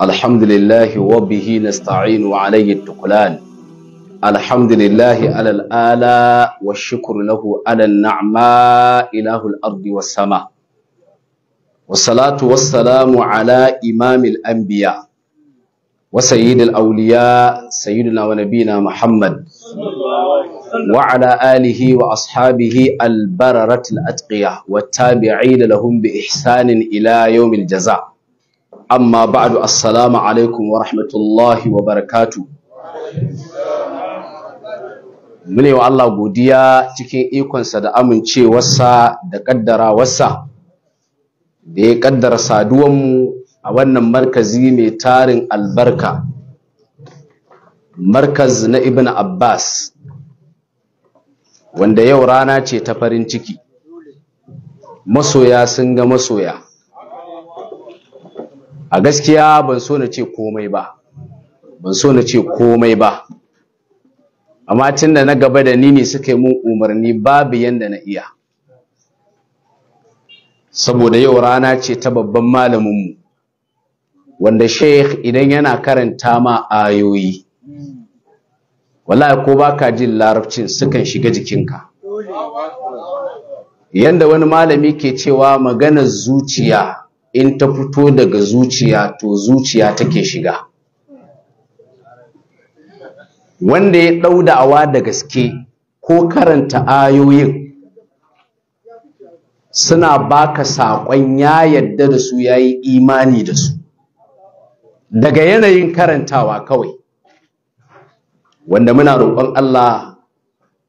الحمد لله وبه نستعين وعليه التقلان الحمد لله على الآلاء والشكر له على النعماء إله الأرض والسماء والصلاة والسلام على إمام الأنبياء وسيد الأولياء سيدنا ونبينا محمد وعلى آله وأصحابه البررة الأتقية والتابعين لهم بإحسان إلى يوم الجزاء أما بعد السلام عليكم ورحمة الله وبركاته mune wa Allah godiya cikin ikonsa da amincewarsa da kaddara wasa da ya kaddara saduwanmu a wannan markazi mai tarin albarka markaz na ibn abbas wanda yau rana ce ta farin ciki masoya sun ga masoya a gaskiya ban so na ce komai ba ban so na ce komai ba amma tun da na gaba da ni ne suka yi mun umarni babu yadda na iya saboda yau rana ce ta babban malaminmu wanda sheikh idan yana karanta ma ayoyi wallahi ko baka jin larabcin sukan shiga jikinka yanda wani malami ke cewa maganar zuciya in ta fito daga zuciya to zuciya take shiga wanda ya ɗau da'awa da gaske ko karanta ayoyin suna baka saƙon ya yadda da su yayi imani da su daga yanayin karantawa kawai wanda muna roƙon Allah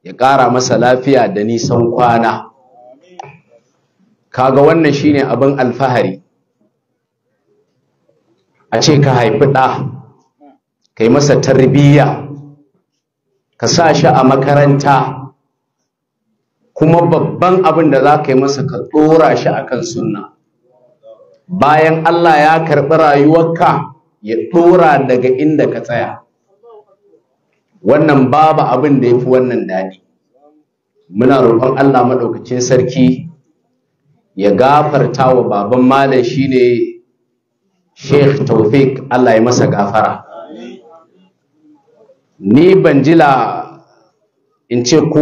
ya ƙara masa lafiya da nisan kwana kaga wannan shine abin alfahari a ce ka haifi ɗa ka yi masa tarbiyya ka sa shi a makaranta kuma babban abin da za ka yi masa ka ɗora shi a kan sunna bayan Allah ya karɓi rayuwarka ya ɗora daga inda ka tsaya wannan babu abin da ya fi wannan daɗi muna roƙon allah maɗaukacin sarki ya gafarta wa baban malam shine sheikh taufik allah ya masa gafara ni ban in ce ko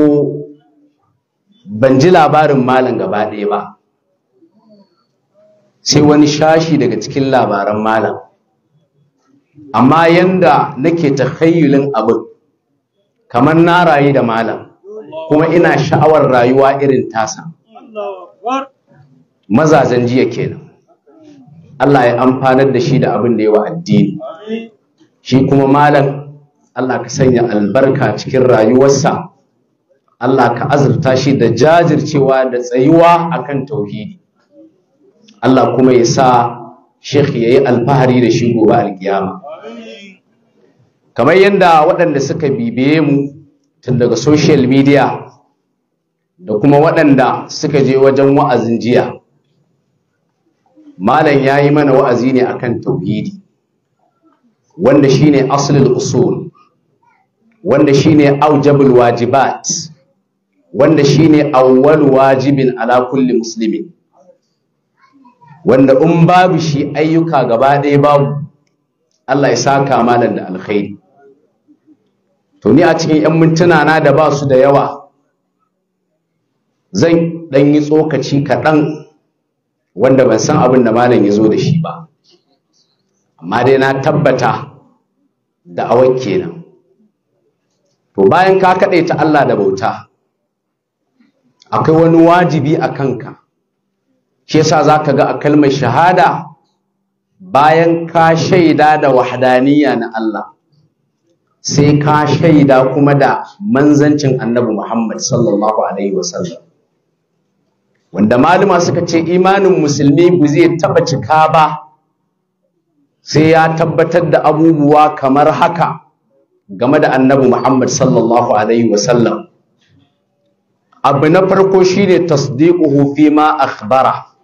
ban ji labarin malam gaba ɗaya ba sai wani shashi daga cikin labaran malam amma yanda nake tahayyulin abin kamar na rayu da malam kuma ina sha'awar rayuwa irin tasa mazajen jiya kenan Allah ya amfanar da shi da abin da yawa addini shi kuma malam Allah ka sanya albarka cikin rayuwarsa Allah ka azurta shi da jajircewa da tsayuwa akan tauhidi Allah kuma ya sa Sheikh yayi alfahari da shi gobe alkiyama kamar yadda waɗanda suka bibiye mu tun daga social media da kuma waɗanda suka je wajen wa'azin jiya malam ya yi mana wa'azi ne akan tauhidi wanda shine aslul usul wanda shine aujabul wajibat wanda shine awwal wajibin ala kulli muslimin wanda in babu shi ayyuka gaba ɗaya babu Allah ya saka malam da alkhairi to ni a cikin 'yan mintuna na da ba su da yawa zan ɗan yi tsokaci kaɗan wanda ban san abin da malam ya zo da shi ba amma dai na tabbata da awon kenan to bayan ka kaɗaita Allah da bauta akwai wani wajibi a kanka shi yasa za ka ga a kalmar shahada bayan ka shaida da wahadaniya na Allah sai ka shaida kuma da manzancin annabi Muhammad sallallahu alaihi wasallam wanda maluma suka ce imanin musulmi ba zai taba cika ba sai ya tabbatar da abubuwa kamar haka game da annabi Muhammad sallallahu alaihi wasallam abu na farko shine tasdiquhu fi ma akhbara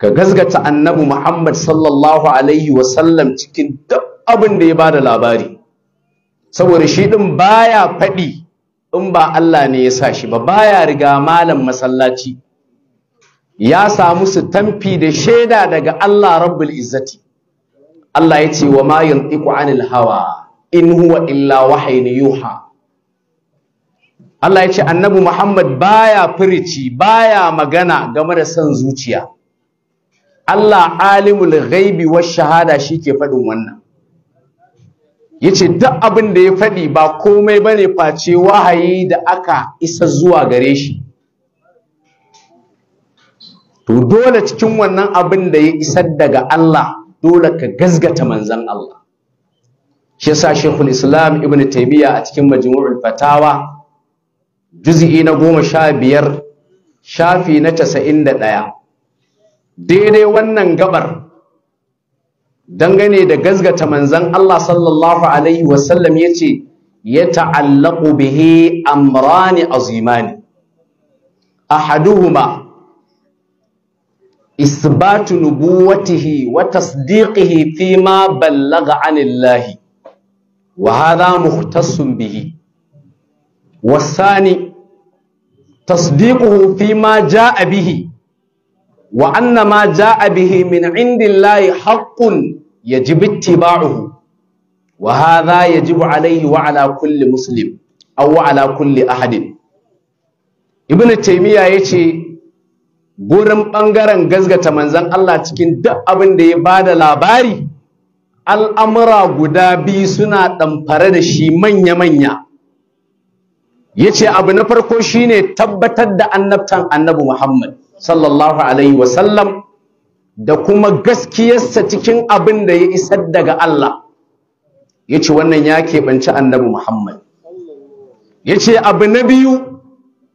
ka gazgata annabi Muhammad sallallahu alaihi wasallam cikin duk abin da ya ba da labari saboda shi ɗin ba ya faɗi in ba Allah ne ya sa shi ba ba ya riga malam masallaci ya samu su tamfi da shaida daga Allah rabbul izzati Allah ya ce wa ma yantiqu hawa in huwa illa wahayin yuha Allah ya ce annabi Muhammad baya firici ya magana game da son zuciya Allah alimul ghaibi wa shahada shi ke faɗin wannan yace duk abin da ya faɗi ba komai bane face wahayi da aka isa zuwa gare shi to dole cikin wannan abin da ya isa daga Allah dole ka gazgata manzon Allah shi yasa Sheikhul Islam Ibn Taymiyyah a cikin Majmu'ul Fatawa juz'i na goma sha biyar shafi na casa'in da ɗaya daidai wannan gabar dangane da gazgata manzan Allah sallallahu alaihi wasallam ya ce ya ta'allaku bihe zimani amrani azimani ahaduhuma isbatu nubuwatihi wa tasdiqihi fi ma ballaga anillahi wa hadha muhtasun bihi wasani tasdiquhu fi ma a bihi wa anna ma ja'a bihi min indillahi haqqun yajibu ittiba'uhu wa hadha yajibu alayhi wa ala kulli muslim aw ala kulli ahadin ibnu taymiya yace gurin bangaren gazgata manzon Allah cikin duk abin da ya bada labari al'amura guda biyu suna ɗamfare da shi manya-manya yace abu na farko shine tabbatar da annabtan annabi Muhammad sallallahu alaihi wasallam da kuma gaskiyarsa cikin abin da ya isar daga Allah ya ce wannan ya keɓanci annabi Muhammad yace abu na biyu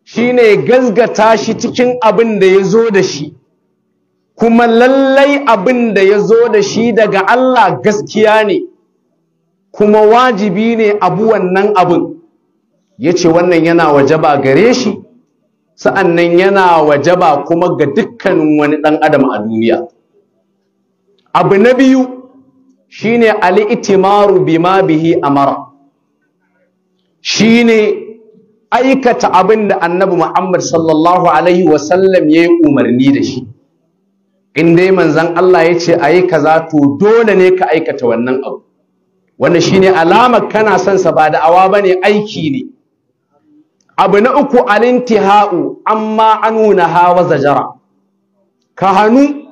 shine ne gazgata shi cikin abin da ya zo da shi kuma lallai abin da ya zo da shi daga Allah gaskiya ne kuma wajibi ne abu wannan abin yace wannan yana wajaba gare shi sa'annan yana wajaba kuma ga dukkanin wani ɗan adam a duniya abu na biyu shine itimaru bima bihi amara shine aikata abin da annabi Muhammad sallallahu alaihi wasallam ya yi umarni da shi in dai manzon Allah ya ce a yi kaza to dole ne ka aikata wannan abu wanda shine alamar kana son sa ba da awa bane aiki ne abu na uku alinti alintiha'u amma an na hawa zajara ka hannu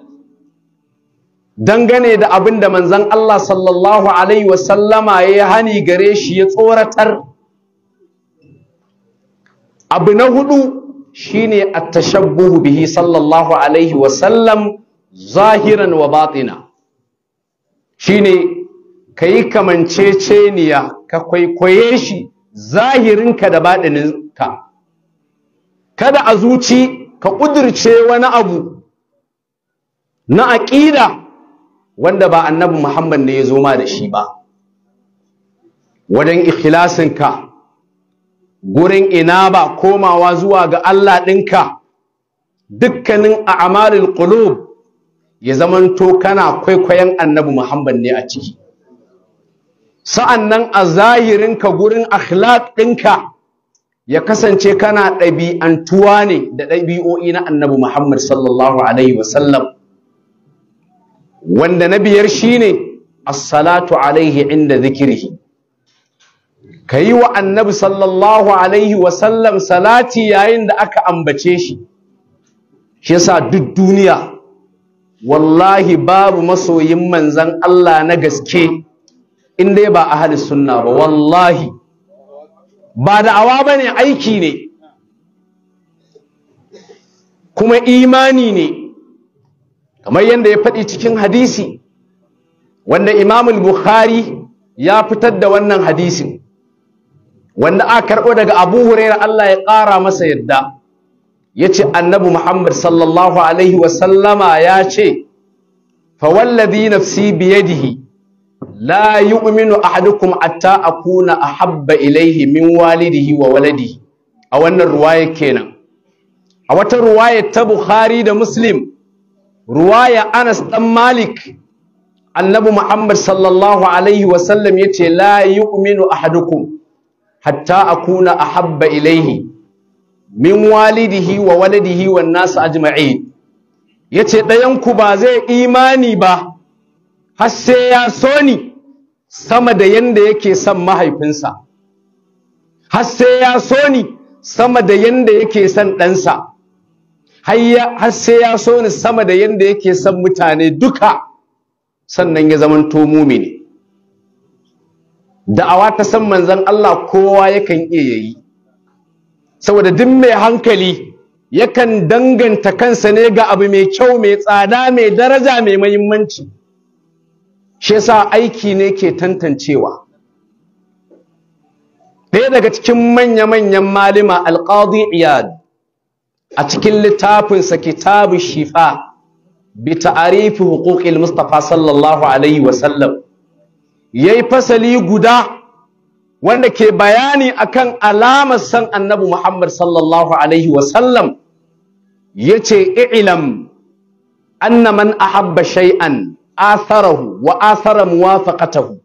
dangane da abin da manzon Allah sallallahu alaihi wasallama ya hani gare shi ya tsoratar abu na hudu shine tashar tashabbuhu bihi sallallahu alaihi wasallam zahiran wa batina shine kai kamanceceniya ka kwaikwaye shi zahirinka da baɗinin kada a zuci ka ƙudirce wani abu na aƙida wanda ba annabi Muhammad ne ya zo ma da shi ba wajen ikhlasinka gurin ina ba komawa zuwa ga Allah ɗinka dukkanin a'malul qulub ya zamanto kana kwaikwayon annabi Muhammad ne a ciki sa'annan a zahirinka gurin akhlaq ɗinka ya kasance kana ɗabi'antuwa ne da ɗabi'o'i na annabi Muhammad sallallahu alaihi wasallam wanda na biyar shine ne salatu alaihi inda Ka yi wa annabi sallallahu alaihi wasallam salati yayin da aka ambace shi shi yasa duk duniya wallahi babu masoyin manzan Allah na gaske in dai ba ahli sunna ba wallahi ba da'awa ba ne aiki ne kuma imani ne kamar yadda ya faɗi cikin hadisi wanda imamul bukhari ya fitar da wannan hadisin wanda aka karɓo daga abu huraira Allah ya ƙara masa yadda ya ce annabi muhammad sallallahu alaihi wasallama ya ce fa fawallazi nafsi biyadihi la yu'minu ahadukum atta akuna ahabba ilaihi min walidihi wa waladi a wannan ya kenan a wata ruwaya ta Bukhari da Muslim ruwaya Anas ɗan Malik annabi Muhammad sallallahu alaihi wa sallam yace la yu'minu ahadukum hatta akuna habba ilaihi min walidihi wa waladihi wan nas ajma'in yace dayan ku ba zai imani ba har sai ya soni. sama da yanda yake son mahaifinsa har sai ya so ni sama da yanda yake son ɗansa har sai ya so ni sama da yanda yake son mutane duka sannan ya zamanto mumini da'awa ta san manzon Allah kowa yakan iya yayi saboda duk mai hankali yakan danganta kansa ne ga abu mai kyau mai tsada mai daraja mai muhimmanci shi yasa aiki ne ke tantancewa ɗaya daga cikin manya-manyan malima alƙadi iyad a cikin littafinsa kitabu shifa bi ta'arifi huquqil mustafa sallallahu alaihi wasallam yayi fasali guda wanda ke bayani akan alamar san annabi Muhammad sallallahu alaihi yace i'lam anna man ahabba shay'an asarahu wa asara muwafaqatahu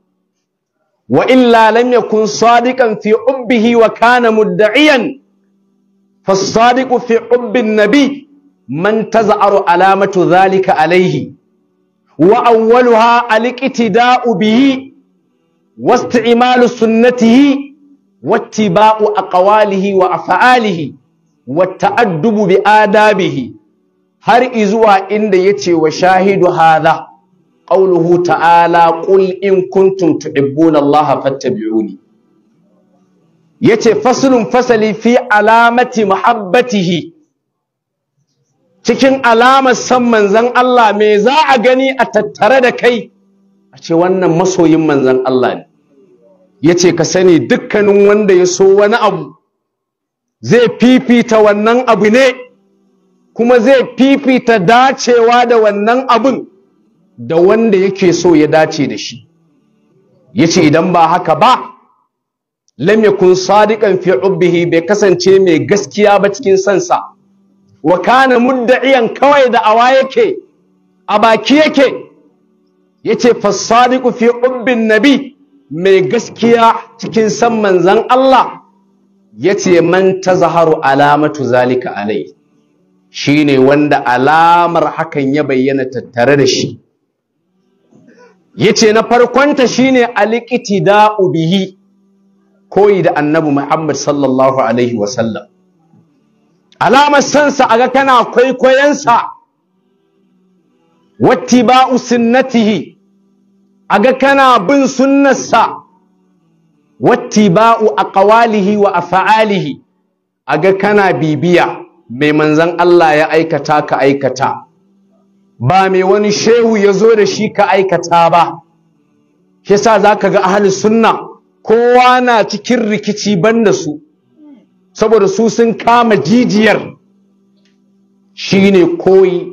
wa illa lam yakun sadiƙan fi ubbihi wa kana mudda'iyan fasadiqu fi ubbi nabi man taz'aru alamatu zalika alaihi. wa awwaluha al-iqtida'u bihi wa isti'malu sunnatihi wa ittiba'u ƙawalihi wa af'alihi wa ta'addubu bi adabihi har izuwa inda yace wa shahidu hadha qawluhu ta'ala qul in kuntum tuhibbuna Allah fattabi'uni yace faslun fasali fi alamati muhabbatihi cikin alamar san manzon Allah me za a gani a tattare da kai a ce wannan masoyin manzon Allah ne yace ka sani dukkanin wanda ya so wani abu zai fifita wannan abu ne kuma zai fifita dacewa da wannan abun da wanda yake so ya dace da shi yace idan ba haka ba lam yakun sadiqan fi ubbihi bai kasance mai gaskiya ba cikin sansa wa kana mudda'iyan kawai da awa yake a baki yake yace fasadiqu fi ubbin nabi mai gaskiya cikin san manzan Allah yace man tazaharu alamatu zalika alai shine wanda alamar hakan ya bayyana tattare da shi yace na farkonta shine da bihi koyi da annabi Muhammad sallallahu alaihi wasallam alamar sansa aga kana kwaikwayensa wattiba'u sunnatihi aga kana bin sunnarsa wattiba'u aqwalihi wa af'alihi aga kana bibiya mai manzon Allah ya aikata ka aikata ba mai wani shehu ya zo da shi ka aikata ba sa za ka ga ahalin sunna kowa na cikin rikici banda su saboda su sun kama jijiyar Shi ne koyi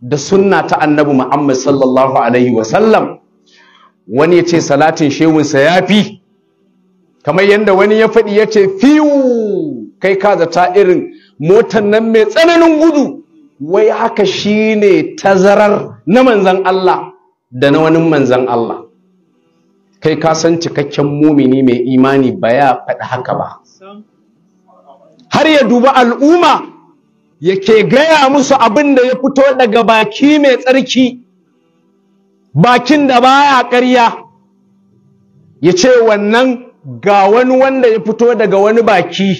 da sunna ta annabi Muhammad sallallahu alaihi wasallam wani ya ce salatin shehunsa ya fi kamar yadda wani ya faɗi ya ce fiwu kai ka zata irin motan nan mai tsananin gudu wai haka shine tazarar na manzan Allah da na wani manzan Allah kai ka san cikakken mumini mai imani ba ya faɗi haka ba har ya duba al'umma ya ke gaya musu abin da ya fito daga baki mai tsarki bakin da baya karya? ya ce wannan ga wani wanda ya fito daga wani baki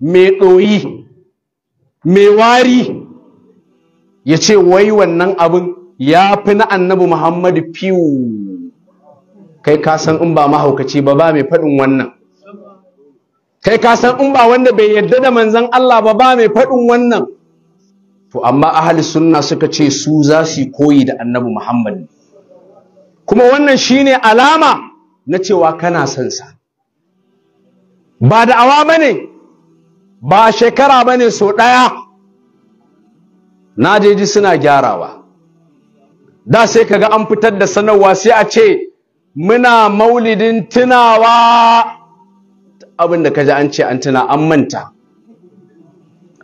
mai ɗoyi mai wari ya ce wai wannan abin ya fi na annabi muhammadu fiwu kai ka in ba mahaukaci ba ba mai faɗin wannan kai kasan in ba wanda bai yadda da manzan Allah ba ba mai faɗin wannan to amma ahli sunna suka ce su za su koyi da annabi muhammadu kuma wannan shine alama na cewa kana son sa ba da'awa bane ba shekara bane so ɗaya Najeji suna gyarawa da sai kaga an fitar da sanarwa sai a ce muna maulidin tunawa abin da kaji an ce an tuna an manta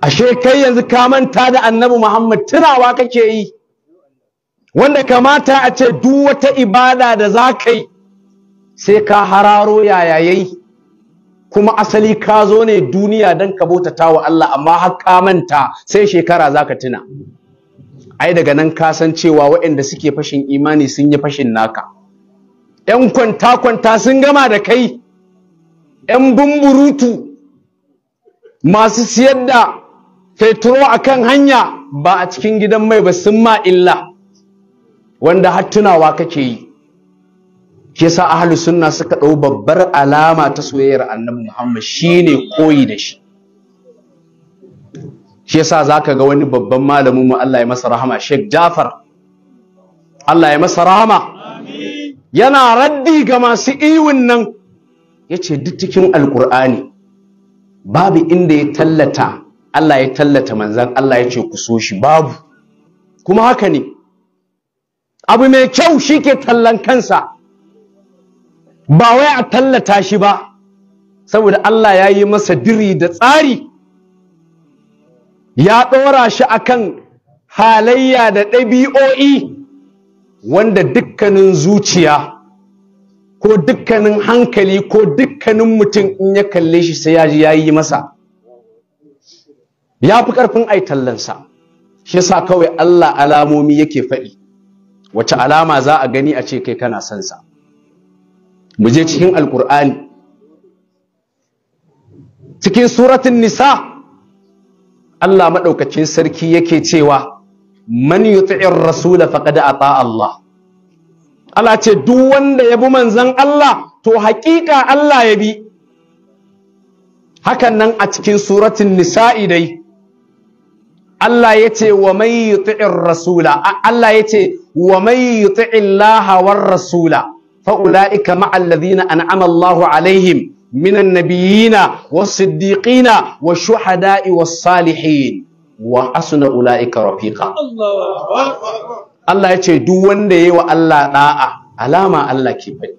ashe kai yanzu ka manta da annabi Muhammad tunawa kake yi wanda kamata a ce duk wata ibada da za ka sai ka hararo yaya yayi kuma asali ka zo ne duniya don ka bautata wa Allah amma har manta sai shekara za ka tuna ai daga nan ka san cewa waɗanda suke fashin imani sun yi fashin naka ‘yan kwanta kwanta sun gama da kai ‘yan bumburutu masu siyar da fetro a kan hanya ba a cikin gidan mai ba sun ma illa wanda har tunawa kake yi kisa ahlu sunna suka ɗau babbar alama ta soyayyar annabi Muhammad shine koyi da shi shi zaka ga wani babban malamin mu Allah ya masa rahama Sheikh Jafar Allah ya masa rahama yana raddi ga masu iwin nan yace duk cikin alkur'ani babu inda ya tallata Allah ya tallata manzan Allah ya ce ku so shi babu kuma haka ne abu mai kyau shi ke tallan kansa ba wai a tallata shi ba saboda Allah ya yi masa diri da tsari ya ɗora shi akan halayya da ɗabi'o'i wanda dukkanin zuciya ko dukkanin hankali ko dukkanin mutum in ya kalle shi sai ya ji ya yi masa ya fi ƙarfin ai tallansa shi sa kawai Allah alamomi yake faɗi wace alama za a gani a ce kai kana sansa mu je cikin alkur'ani cikin suratun nisa Allah maɗaukacin sarki yake cewa man yuti'ir rasula faqad ata Allah Allah ce duk wanda ya bi manzon Allah to haƙiƙa Allah ya bi hakan nan a cikin suratun nisa dai Allah ya ce wa man yuti'ir rasula Allah ya wa man yuti'illaha lahawar rasula فأولئك مع الذين أنعم الله عليهم wa النبيين والصديقين والشهداء والصالحين وحسن أولئك رفيقا الله يتشي دوان دي وألا داعا alama Allah ke bari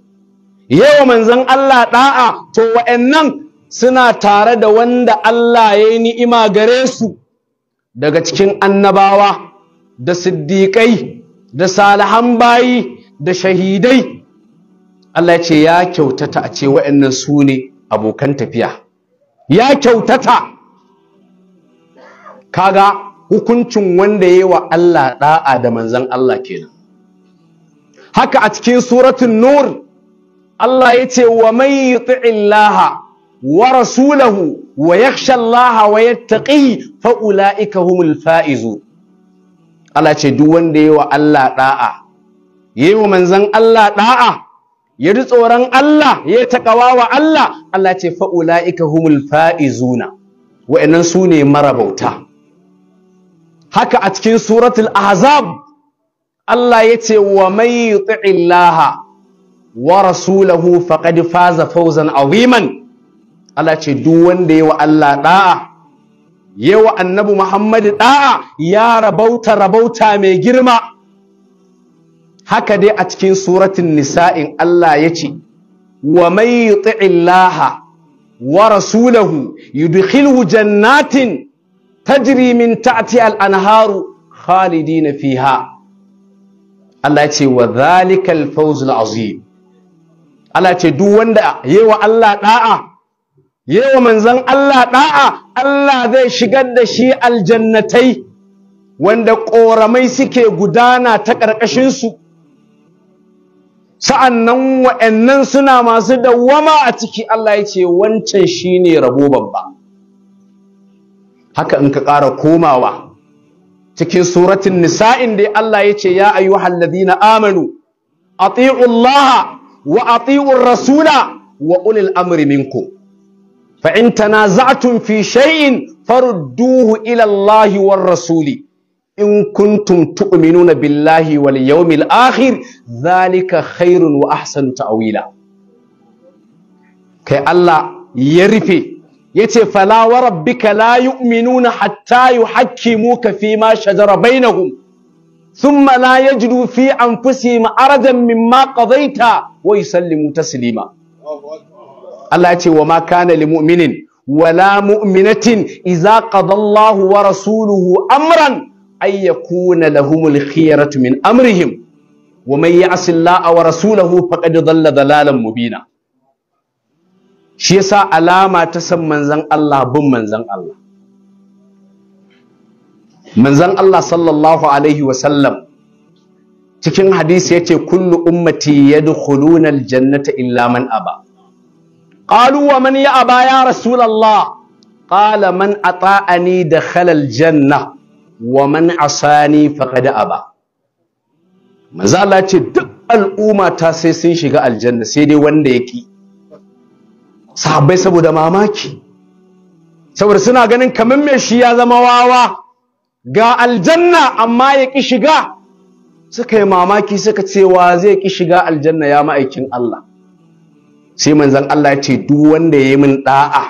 yawa manzon Allah ɗa'a to wa'annan suna tare da wanda Allah ya yi ni'ima gare su daga cikin annabawa da siddiƙai da salihan bayi da shahidai Allah ya ce ya kyautata a ce wa'annan su ne abokan tafiya ya kyautata kaga hukuncin wanda ya yi wa Allah ɗa'a da manzan Allah kenan haka a cikin suratun nur Allah ya ce wa mai may laha wa rasulahu wa yakhsha laha wa yattaqi fa humul faizu Allah ce duk wanda ya yi wa Allah ɗa'a ya yi wa manzan Allah ɗa'a. ya ji tsoron Allah ya taƙawa wa Allah Allah ce fa'ula'ika humul fa'izuna wa'annan su ne marabauta haka a cikin suratul ahzab Allah ya ce wa mai yuti'illaha wa rasulahu faqad faza fawzan aziman Allah ce duk wanda yi wa Allah da'a yi wa annabi Muhammadu ɗa'a? ya rabauta rabauta mai girma haka dai a cikin suratun nisa'in Allah ya ce wa mai laha wa rasulahu yudkhilhu jannatin tajri min ta'ti al-anharu khalidina fiha Allah ya ce wa zalikal fawzul azim Allah ya ce duk wanda yewa Allah da'a yewa manzon Allah ɗa'a? Allah zai shigar da shi aljannatai wanda ƙoramai suke gudana ta ƙarƙashinsu su sa'annan wa'annan suna masu dawwama a ciki Allah ya ce wancan shine rabo babba haka in ka ƙara komawa cikin suratin nisa'in dai Allah ya ce ya ayyuhal na amanu ati'u Allah wa ati'u rasula wa ulil amri minku fa in tanaza'tum fi shay'in farudduhu ila Allah war rasuli in kuntum tu'minuna billahi wal yawmil akhir zalika khairun wa ahsanu ta'wila kai Allah ya rufe yace fala wa rabbika la yu'minuna hatta yuhakkimuka fi ma shajara bainahum thumma la yajidu fi anfusihim aradan mimma qadaita wa yusallimu taslima Allah yace wa ma kana lil mu'minin wala mu'minatin idza qada Allahu wa rasuluhu amran ay yakuna lahumul khiyaratu min amrihim wa man asila Allaha wa rasulahu faqad dhalla dhalalan mubina shi yasa alama ta san manzon Allah bin manzon Allah manzon Allah sallallahu alaihi wa sallam cikin hadisi yace kullu ummati yadkhuluna aljannata illa man aba qalu wa aba ya rasulallah. Allah qala man ata'ani dakhala aljanna wa man asani faqad aba manzo Allah ce duk al'umma ta sai sun shiga aljanna sai dai wanda ya ki sahabbai saboda mamaki saboda suna ganin kamar mai shi ya zama wawa ga aljanna amma ya ki shiga suka yi mamaki suka ce wa zai ki shiga aljanna ya ma'aikin Allah sai manzon Allah ya ce duk wanda ya yi min da'a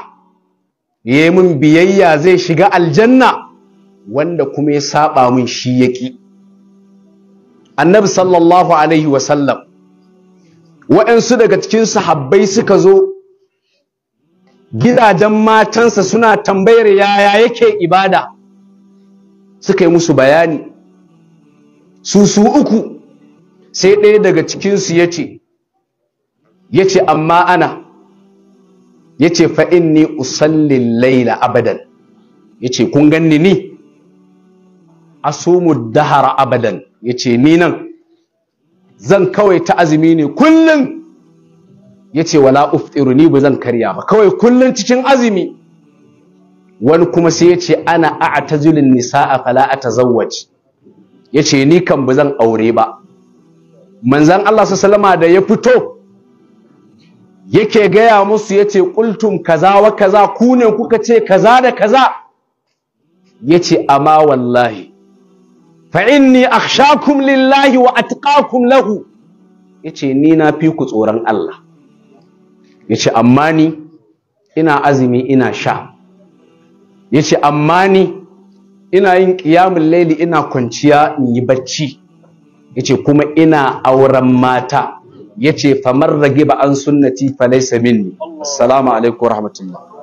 ya yi min biyayya zai shiga aljanna wanda kuma ya saba min shi ya annabi sallallahu alaihi wasallam waɗansu daga cikin sahabbai suka zo gidajen matansa suna tambayar yaya yake ibada suka yi musu bayani su su uku sai ɗaya daga cikinsu ya Yace ya ce amma ana ya ce fa'in ni usallin abadan Yace kun ganni ni asumu dahara abadan yace ni nan zan kawai ta azumi ne kullun yace wala uftiru ni ba zan karya ba kawai kullum cikin azumi wani kuma sai yace ana a nisa nisaa fala atazawwaj yace ni kan ba zan aure ba Manzan Allah sallama da ya fito yake gaya musu yace qultum kaza wa kaza ku ne kuka ce kaza da kaza yace amma wallahi fainni inni lillahi wa atqakum lahu yace ni na fi ku tsoron Allah yace amma ni ina azumi ina sha yace amma ni ina yin qiyamul laili. ina kwanciya in yi bacci yace kuma ina auren mata yace famar rage ba an sunnati fa laysa minni assalamu alaikum wa